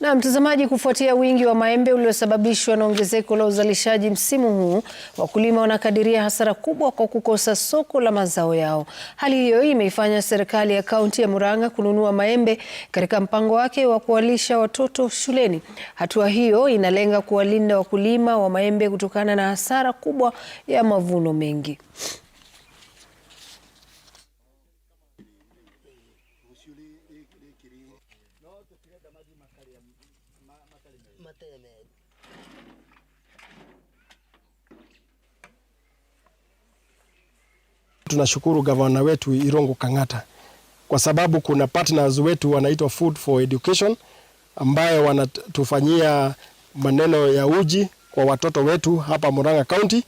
Na mtazamaji, kufuatia wingi wa maembe uliosababishwa na ongezeko la uzalishaji msimu huu, wakulima wanakadiria hasara kubwa kwa kukosa soko la mazao yao. Hali hiyo imeifanya serikali ya kaunti ya Murang'a kununua maembe katika mpango wake wa kuwalisha watoto shuleni. Hatua hiyo inalenga kuwalinda wakulima wa maembe kutokana na hasara kubwa ya mavuno mengi no tũtirenda mathiĩ makarĩa meri tunashukuru gavana wetu Irungu Kang'ata kwa sababu kuna partners wetu wanaitwa Food for Education ambayo wanatufanyia maneno ya uji kwa watoto wetu hapa Murang'a County,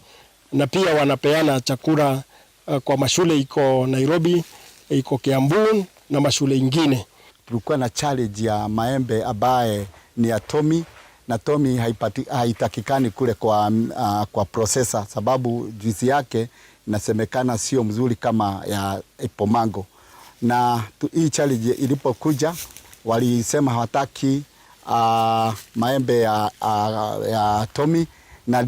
na pia wanapeana chakula eh, kwa mashule iko Nairobi, iko Kiambu na mashule ingine tulikuwa na challenge ya maembe ambaye ni ya Tommy na Tommy haipati, haitakikani kule kwa, uh, kwa processor sababu juisi yake inasemekana sio mzuri kama ya apple mango. Na hii challenge ilipokuja walisema hawataki uh, maembe ya, uh, ya Tommy na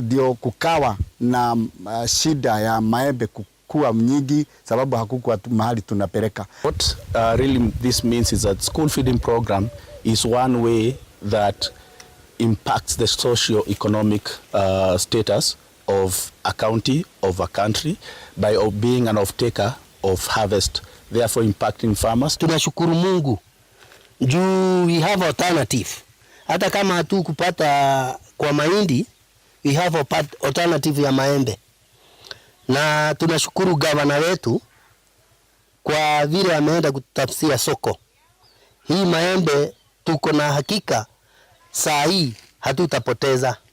ndio kukawa na uh, shida ya maembe ku kuwa mnyingi sababu hakukuwa mahali tunapeleka. What uh, really this means is that school feeding program is one way that impacts the socio-economic uh, status of a county, of a country by being an off-taker of harvest, therefore impacting farmers. Tunashukuru Mungu juu we have alternative, hata kama hatu kupata kwa mahindi, we have alternative ya maembe na tunashukuru gavana wetu kwa vile ameenda kutafsia soko hii maembe. Tuko na hakika saa hii hatutapoteza.